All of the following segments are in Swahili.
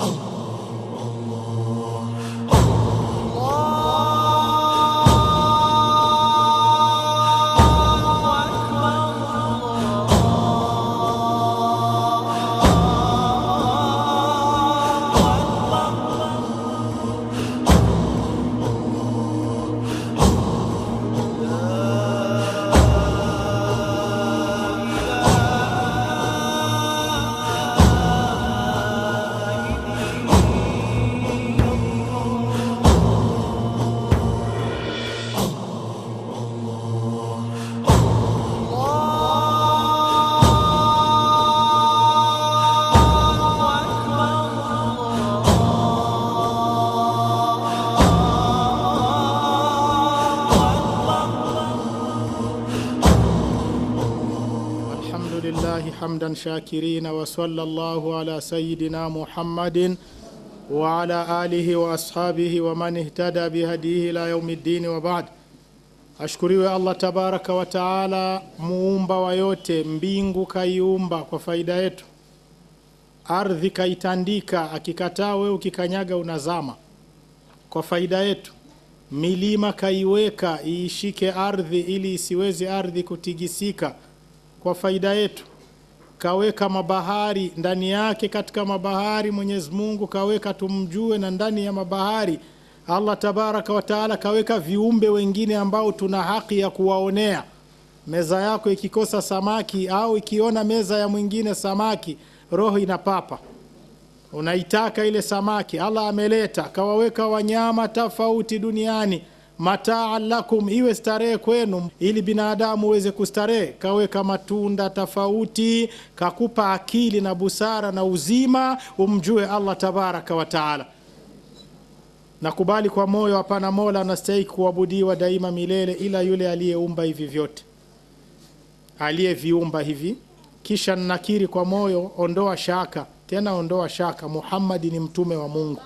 Oh. hamdan shakirina wa sallallahu ala sayidina Muhammadin wa ala alihi wa ashabihi wa man ihtada bihadihi ila yaumi ddini wa baad. Ashukuriwe Allah tabaraka wa taala, muumba wa yote. Mbingu kaiumba kwa faida yetu, ardhi kaitandika, akikataa wewe ukikanyaga unazama kwa faida yetu milima kaiweka iishike ardhi ili isiweze ardhi kutigisika kwa faida yetu kaweka mabahari ndani yake, katika mabahari Mwenyezi Mungu kaweka tumjue, na ndani ya mabahari Allah tabaraka wa taala kaweka viumbe wengine ambao tuna haki ya kuwaonea. Meza yako ikikosa samaki au ikiona meza ya mwingine samaki, roho inapapa, unaitaka ile samaki. Allah ameleta kawaweka wanyama tofauti duniani mataa lakum, iwe starehe kwenu, ili binadamu uweze kustarehe. Kaweka matunda tofauti, kakupa akili na busara na uzima, umjue Allah tabaraka wa taala. Nakubali kwa moyo, hapana mola anastahiki kuabudiwa daima milele ila yule aliyeumba hivi vyote, aliyeviumba hivi. Kisha nakiri kwa moyo, ondoa shaka, tena ondoa shaka, Muhammadi ni mtume wa Mungu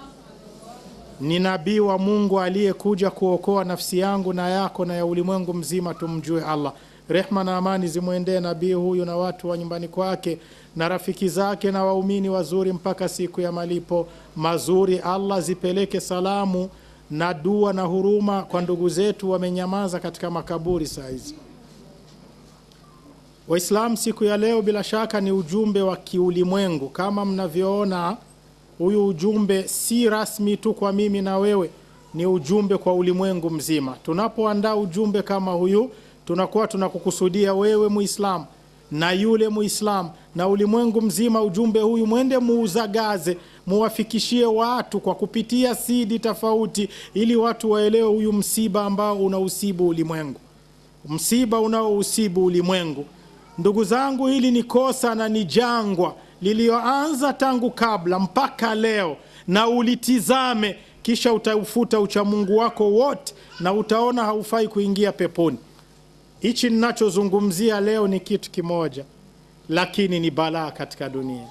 ni nabii wa Mungu aliyekuja kuokoa nafsi yangu na yako na ya ulimwengu mzima. Tumjue Allah, rehma na amani zimwendee nabii huyu na watu wa nyumbani kwake na rafiki zake na waumini wazuri mpaka siku ya malipo mazuri. Allah zipeleke salamu na dua na huruma kwa ndugu zetu wamenyamaza katika makaburi saa hizi. Waislamu, siku ya leo bila shaka ni ujumbe wa kiulimwengu kama mnavyoona Huyu ujumbe si rasmi tu kwa mimi na wewe, ni ujumbe kwa ulimwengu mzima. Tunapoandaa ujumbe kama huyu, tunakuwa tunakukusudia wewe Muislamu na yule Muislamu na ulimwengu mzima. Ujumbe huyu mwende muuzagaze, muwafikishie watu kwa kupitia sidi tofauti, ili watu waelewe huyu msiba ambao unausibu ulimwengu, msiba unaousibu ulimwengu. Ndugu zangu, hili ni kosa na ni jangwa liliyoanza tangu kabla mpaka leo, na ulitizame, kisha utaufuta uchamungu wako wote, na utaona haufai kuingia peponi. Hichi ninachozungumzia leo ni kitu kimoja, lakini ni balaa katika dunia.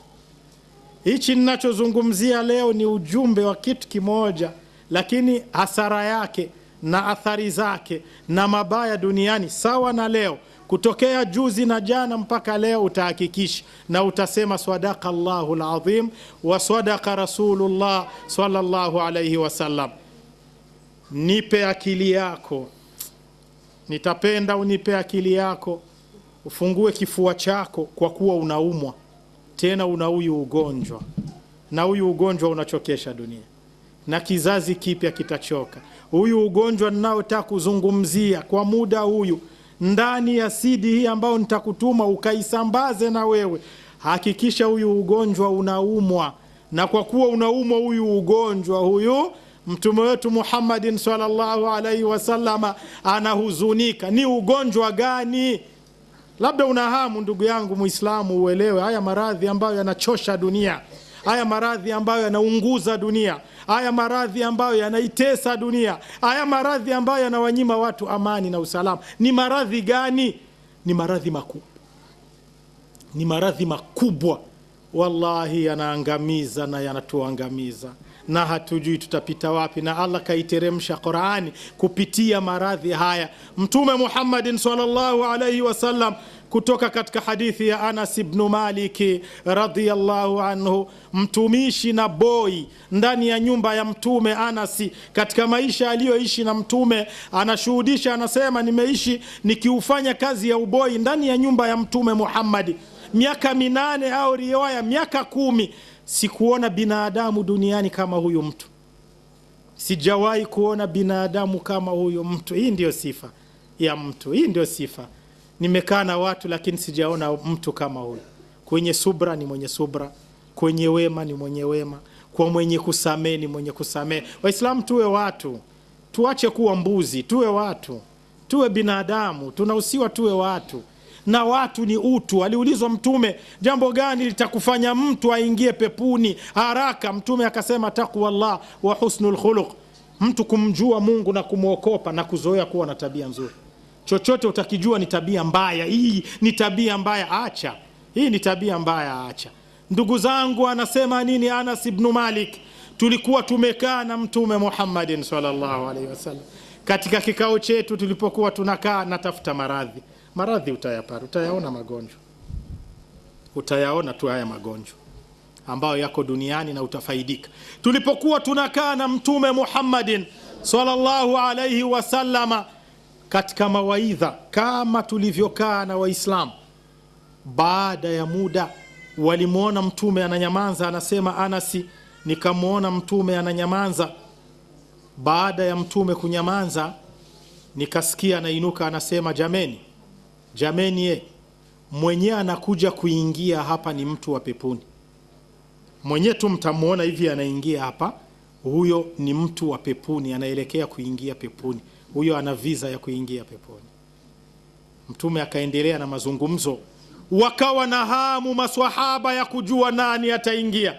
Hichi ninachozungumzia leo ni ujumbe wa kitu kimoja, lakini hasara yake na athari zake na mabaya duniani sawa na leo kutokea juzi na jana mpaka leo, utahakikisha na utasema swadaka Allahu alazim wa swadaka Rasulullah sallallahu alayhi wasallam. Nipe akili yako, nitapenda unipe akili yako, ufungue kifua chako, kwa kuwa unaumwa tena, una huyu ugonjwa na huyu ugonjwa unachokesha dunia na kizazi kipya kitachoka. Huyu ugonjwa ninaotaka kuzungumzia kwa muda huyu ndani ya sidi hii ambayo nitakutuma ukaisambaze na wewe. Hakikisha huyu ugonjwa unaumwa, na kwa kuwa unaumwa huyu ugonjwa huyu Mtume wetu Muhammadin sallallahu alaihi wasallama anahuzunika. Ni ugonjwa gani? Labda unahamu ndugu yangu Muislamu uelewe haya maradhi ambayo yanachosha dunia haya maradhi ambayo yanaunguza dunia, haya maradhi ambayo yanaitesa dunia, haya maradhi ambayo yanawanyima watu amani na usalama. Ni maradhi gani? Ni maradhi makubwa, ni maradhi makubwa wallahi, yanaangamiza na yanatuangamiza na hatujui tutapita wapi, na Allah kaiteremsha Qur'ani kupitia maradhi haya. Mtume Muhammadin sallallahu alaihi wasallam kutoka katika hadithi ya Anas ibn Maliki radhiyallahu anhu, mtumishi na boi ndani ya nyumba ya Mtume. Anas katika maisha aliyoishi na Mtume anashuhudisha, anasema nimeishi nikiufanya kazi ya uboi ndani ya nyumba ya Mtume Muhammadi miaka minane au riwaya miaka kumi. Sikuona binadamu duniani kama huyu mtu, sijawahi kuona binadamu kama huyu mtu. Hii ndiyo sifa ya mtu, hii ndio sifa nimekaa na watu lakini sijaona mtu kama huyu. Kwenye subra ni mwenye subra, kwenye wema ni mwenye wema, kwa mwenye kusamehe ni mwenye kusamehe. Waislamu tuwe watu, tuache kuwa mbuzi, tuwe watu, tuwe binadamu, tunahusiwa tuwe watu na watu ni utu. Aliulizwa Mtume, jambo gani litakufanya mtu aingie pepuni haraka? Mtume akasema llah wa husnul khuluq, mtu kumjua Mungu na kumwokopa na kuzoea kuwa na tabia nzuri chochote utakijua ni tabia mbaya, hii ni tabia mbaya, acha hii ni tabia mbaya, acha. Ndugu zangu, anasema nini Anas bnu Malik? Tulikuwa tumekaa na Mtume Muhammadin sallallahu alaihi wasallam katika kikao chetu, tulipokuwa tunakaa, natafuta maradhi. Maradhi utayapata, utayaona magonjwa, utayaona tu haya magonjwa ambayo yako duniani na utafaidika. Tulipokuwa tunakaa na Mtume Muhammadin sallallahu alaihi wasallama katika mawaidha kama tulivyokaa na Waislamu. Baada ya muda walimwona Mtume ananyamanza, anasema Anasi, nikamwona Mtume ananyamanza. Baada ya Mtume kunyamanza, nikasikia anainuka, anasema jameni, jameni, ye mwenyewe anakuja kuingia hapa ni mtu wa peponi. Mwenyewe tu mtamwona hivi anaingia hapa, huyo ni mtu wa peponi, anaelekea kuingia peponi huyo ana visa ya kuingia peponi. Mtume akaendelea na mazungumzo, wakawa na hamu maswahaba ya kujua nani ataingia.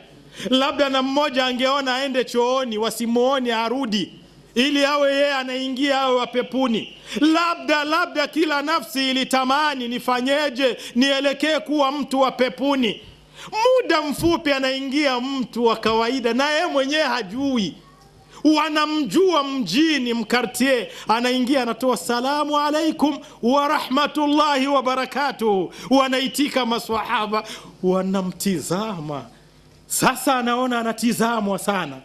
Labda na mmoja angeona aende chooni, wasimuone arudi, ili awe yeye anaingia, awe wa pepuni. Labda labda kila nafsi ilitamani, nifanyeje nielekee kuwa mtu wa pepuni. Muda mfupi anaingia mtu wa kawaida, na yeye mwenyewe hajui wanamjua mjini, mkartie anaingia anatoa salamu alaikum warahmatullahi wabarakatuhu, wanaitika maswahaba wanamtizama. Sasa anaona anatizamwa sana,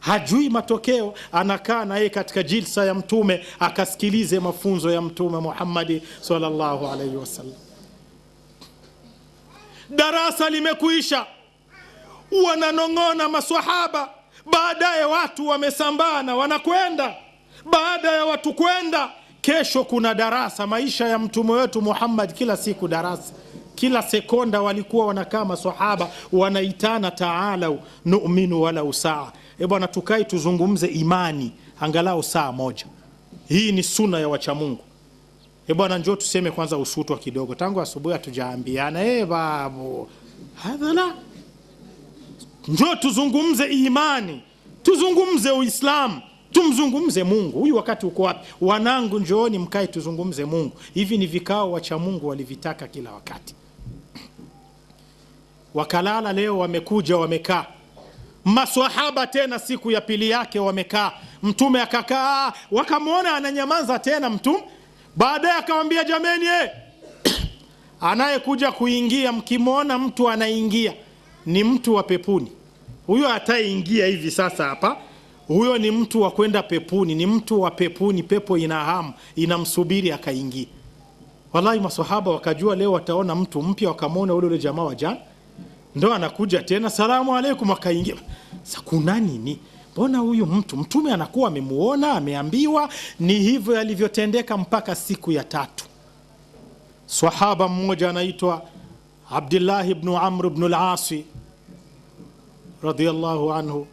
hajui matokeo. Anakaa naye katika jilsa ya Mtume akasikilize mafunzo ya Mtume Muhammadi sallallahu alaihi wasallam. Darasa limekuisha, wananong'ona maswahaba Baadaye watu wamesambana wanakwenda. Baada ya watu kwenda, kesho kuna darasa. Maisha ya mtume wetu Muhammad kila siku darasa kila sekonda walikuwa wanakaa masahaba wanaitana, taalau numinu walau saa. E eh bwana, tukae tuzungumze imani angalau saa moja. Hii ni suna ya wachamungu. E eh bwana, tuseme kwanza usutwa kidogo, tangu asubuhi hatujaambiana. E babu hadhala Njoo tuzungumze imani, tuzungumze Uislamu, tumzungumze Mungu. Huyu wakati uko wapi? Wanangu, njooni mkae tuzungumze Mungu. Hivi ni vikao wacha Mungu walivitaka kila wakati, wakalala. Leo wamekuja wamekaa maswahaba tena siku ya pili yake wamekaa, mtume akakaa, wakamwona ananyamaza tena mtume. Baadaye akawambia jameni, e anayekuja kuingia mkimwona mtu anaingia ni mtu wa pepuni. Huyo ataingia hivi sasa hapa, huyo ni mtu wa kwenda pepuni, ni mtu wa pepuni. Pepo ina hamu, inamsubiri akaingia. Wallahi, maswahaba wakajua leo wataona mtu mpya, wakamwona ule ule jamaa wa jana, ndo anakuja tena, salamu alaikum, akaingia. Kuna nini? Mbona huyu mtu mtume anakuwa amemuona, ameambiwa ni hivyo yalivyotendeka, mpaka siku ya tatu sahaba mmoja anaitwa Abdillahi bnu Amr bnu Lasi radhiallahu anhu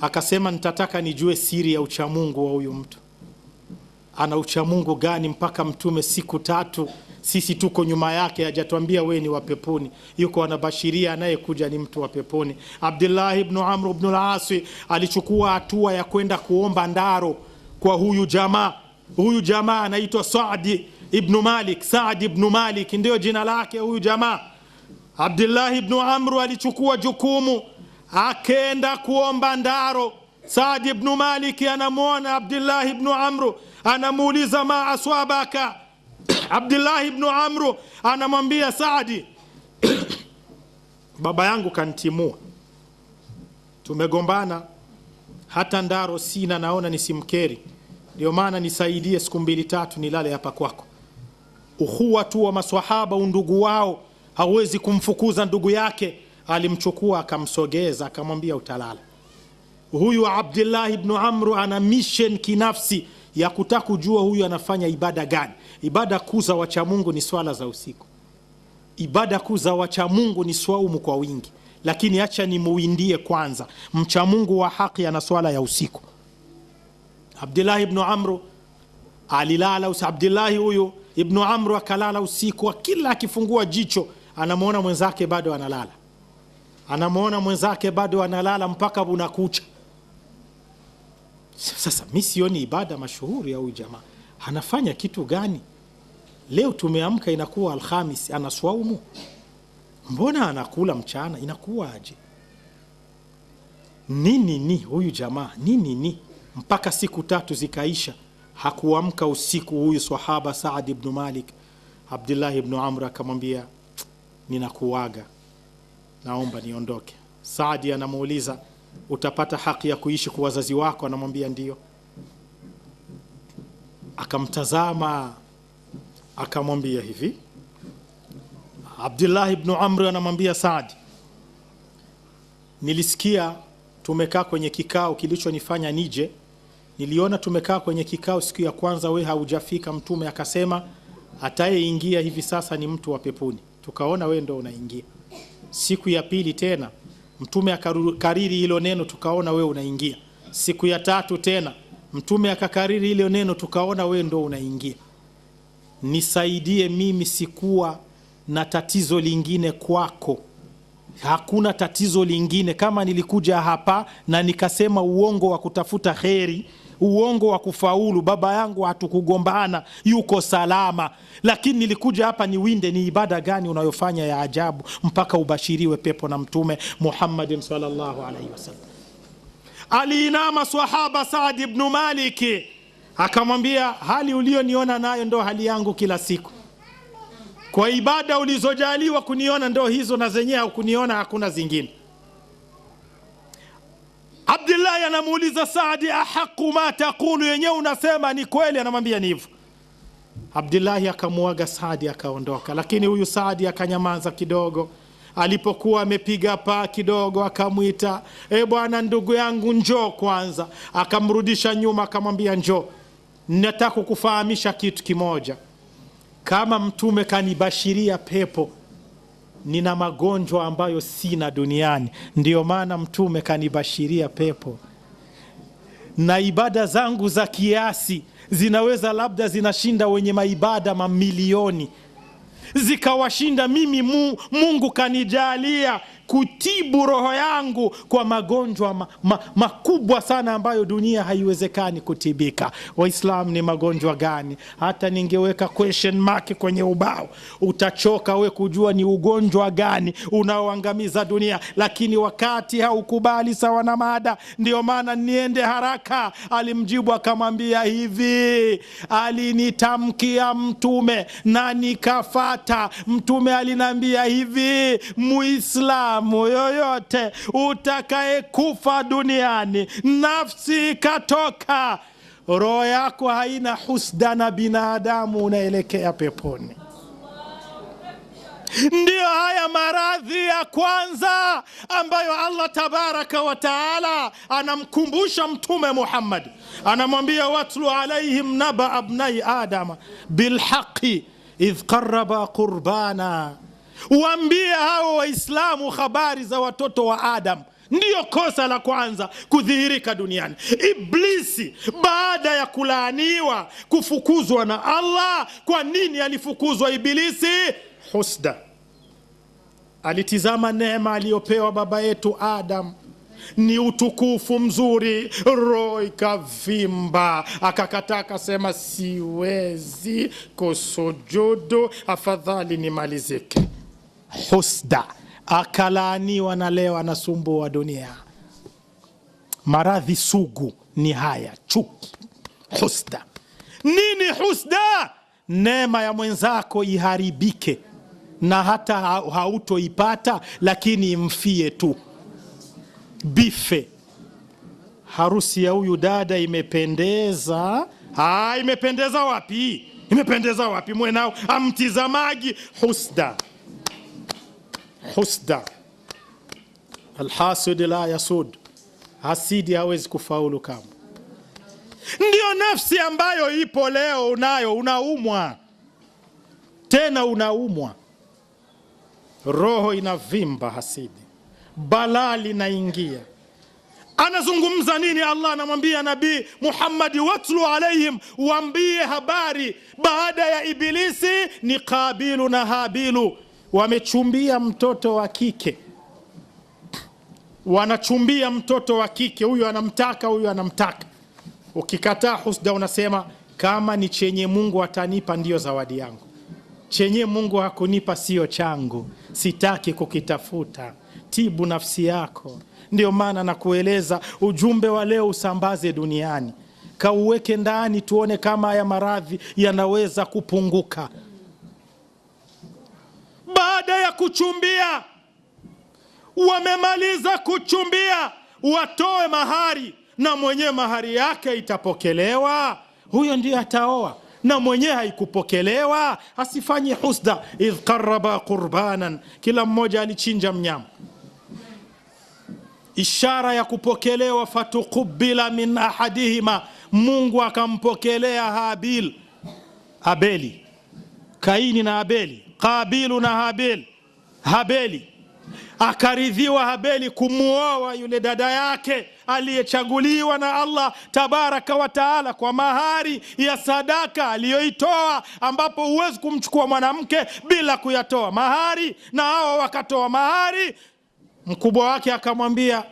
akasema, nitataka nijue siri ya uchamungu wa huyu mtu, ana uchamungu gani mpaka mtume siku tatu sisi tuko nyuma yake, hajatuambia wee ni wapeponi Yuko anabashiria anayekuja ni mtu wa peponi. Abdullah bnu Amr ibnu Lasi alichukua hatua ya kwenda kuomba ndaro kwa huyu jamaa. Huyu jamaa anaitwa sadi ibnu Malik. Saadi ibnu Malik ndiyo jina lake huyu jamaa. abdullahi bnu Amru alichukua jukumu akenda kuomba ndaro. saadi bnu Maliki anamwona Abdillahi bnu Amru, anamuuliza ma aswabaka. Abdillahi bnu Amru anamwambia Sadi, baba yangu kantimua, tumegombana, hata ndaro sina, naona nisimkeri, ndio maana nisaidie siku mbili tatu nilale hapa kwako. Uhuwa tu wa maswahaba, undugu wao hawezi kumfukuza ndugu yake alimchukua akamsogeza, akamwambia utalala. Huyu Abdillahi bnu Amru ana mishen kinafsi ya kutaka kujua huyu anafanya ibada gani. Ibada kuu za wachamungu ni swala za usiku, ibada kuu za wachamungu ni swaumu kwa wingi, lakini acha muindie kwanza, mchamungu wa haki ana swala ya usiku. Abdillahi bnu Amru alilala. Abdillahi huyu ibnu Amru akalala usiku, kila akifungua jicho anamwona mwenzake bado analala anamwona mwenzake bado analala mpaka unakucha. Sasa mi sioni ibada mashuhuri au jamaa anafanya kitu gani? Leo tumeamka inakuwa Alhamis, anaswaumu, mbona anakula mchana? Inakuwaje? nini ni huyu jamaa nini ni? Mpaka siku tatu zikaisha hakuamka usiku. Huyu sahaba Saad ibnu Malik, Abdillahi ibnu Amr akamwambia, ninakuaga naomba niondoke. Saadi anamuuliza utapata haki ya kuishi kwa wazazi wako? Anamwambia ndio Akamtazama akamwambia hivi. Abdullah ibn Amr anamwambia Saadi, nilisikia tumekaa kwenye kikao kilichonifanya nije, niliona tumekaa kwenye kikao siku ya kwanza, we haujafika. Mtume akasema atayeingia hivi sasa ni mtu wa peponi, tukaona we ndo unaingia. Siku ya pili tena mtume akakariri hilo neno, tukaona we unaingia. Siku ya tatu tena mtume akakariri hilo neno, tukaona we ndo unaingia. Nisaidie mimi, sikuwa na tatizo lingine kwako hakuna tatizo lingine. Kama nilikuja hapa na nikasema uongo wa kutafuta kheri, uongo wa kufaulu, baba yangu hatukugombana, yuko salama. Lakini nilikuja hapa niwinde, ni ibada gani unayofanya ya ajabu mpaka ubashiriwe pepo na Mtume Muhammadin sallallahu alaihi wasallam? Aliinama sahaba Saadi bnu Maliki akamwambia, hali uliyoniona nayo ndo hali yangu kila siku kwa ibada ulizojaliwa kuniona ndo hizo, na zenyewe kuniona hakuna zingine. abdullahi anamuuliza Saadi, ahaqu ma taqulu, yenyewe unasema ni kweli? Anamwambia ni hivyo. Abdillahi akamuaga Saadi akaondoka, lakini huyu Saadi akanyamaza kidogo. Alipokuwa amepiga paa kidogo, akamwita e, bwana ndugu yangu, njoo kwanza. Akamrudisha nyuma, akamwambia njoo, nataka kukufahamisha kitu kimoja kama Mtume kanibashiria pepo, nina magonjwa ambayo sina duniani, ndiyo maana Mtume kanibashiria pepo na ibada zangu za kiasi zinaweza labda zinashinda wenye maibada mamilioni, zikawashinda mimi. Mungu kanijalia kutibu roho yangu kwa magonjwa ma, ma, makubwa sana ambayo dunia haiwezekani kutibika. Waislamu, ni magonjwa gani? Hata ningeweka question mark kwenye ubao, utachoka we kujua ni ugonjwa gani unaoangamiza dunia, lakini wakati haukubali sawa na mada, ndio maana niende haraka. Alimjibu akamwambia hivi, alinitamkia Mtume na nikafata. Mtume aliniambia hivi, Muislam mwanadamu yoyote utakayekufa duniani, nafsi ikatoka, roho yako haina husda na binadamu, unaelekea peponi. Ndiyo haya maradhi ya kwanza ambayo Allah tabaraka wa taala anamkumbusha Mtume Muhammad, anamwambia watlu alaihim naba abnai adama bilhaqi idh qaraba qurbana Waambie hao Waislamu habari za watoto wa Adamu. Ndiyo kosa la kwanza kudhihirika duniani. Iblisi baada ya kulaaniwa, kufukuzwa na Allah. Kwa nini alifukuzwa iblisi Husda, alitizama neema aliyopewa baba yetu Adam ni utukufu mzuri, roho ikavimba, akakataa, akasema siwezi kusujudu, afadhali nimalizike husda, akalaaniwa na leo anasumbua dunia. Maradhi sugu ni haya, chuki, husda. Nini husda? Neema ya mwenzako iharibike na hata hautoipata, lakini imfie tu, bife. Harusi ya huyu dada imependeza. Ah, imependeza wapi? Imependeza wapi? Mwenao amtizamaji, husda husda, alhasudi la yasud, hasidi hawezi kufaulu kamwe. Ndiyo nafsi ambayo ipo leo, unayo unaumwa, tena unaumwa, roho inavimba, hasidi, balaa linaingia. Anazungumza nini? Allah anamwambia Nabii Muhammadi, watlu alaihim, waambie habari baada ya Ibilisi ni Kabilu na Habilu wamechumbia mtoto wa kike, wanachumbia mtoto wa kike, huyu anamtaka, huyu anamtaka. Ukikataa husda, unasema kama ni chenye Mungu atanipa ndiyo zawadi yangu, chenye Mungu hakunipa sio changu, sitaki kukitafuta. Tibu nafsi yako. Ndio maana nakueleza ujumbe wa leo usambaze duniani, kauweke ndani, tuone kama haya maradhi yanaweza kupunguka baada ya kuchumbia, wamemaliza kuchumbia, watoe mahari na mwenyewe mahari yake itapokelewa, huyo ndiye ataoa na mwenyewe haikupokelewa asifanye husda. idh qaraba qurbanan, kila mmoja alichinja mnyama, ishara ya kupokelewa. fatukubila min ahadihima, Mungu akampokelea Habil, Abeli, Kaini na Abeli Qabilu na Habil, Habeli akaridhiwa Habeli kumwoa yule dada yake aliyechaguliwa na Allah tabaraka wa taala kwa mahari ya sadaka aliyoitoa, ambapo huwezi kumchukua mwanamke bila kuyatoa mahari, na hao wakatoa mahari. Mkubwa wake akamwambia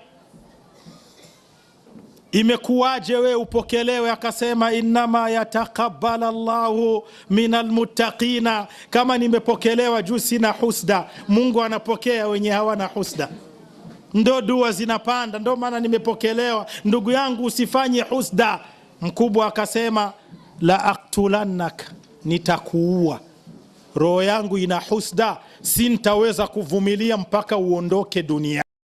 Imekuwaje we upokelewe? Akasema, innama yataqabbala llahu min almuttaqina. Kama nimepokelewa juu sina husda, Mungu anapokea wenye hawana husda. Ndo dua zinapanda, ndo maana nimepokelewa. Ndugu yangu, usifanye husda. Mkubwa akasema, la aktulannak, nitakuua. Roho yangu ina husda, sintaweza kuvumilia mpaka uondoke dunia.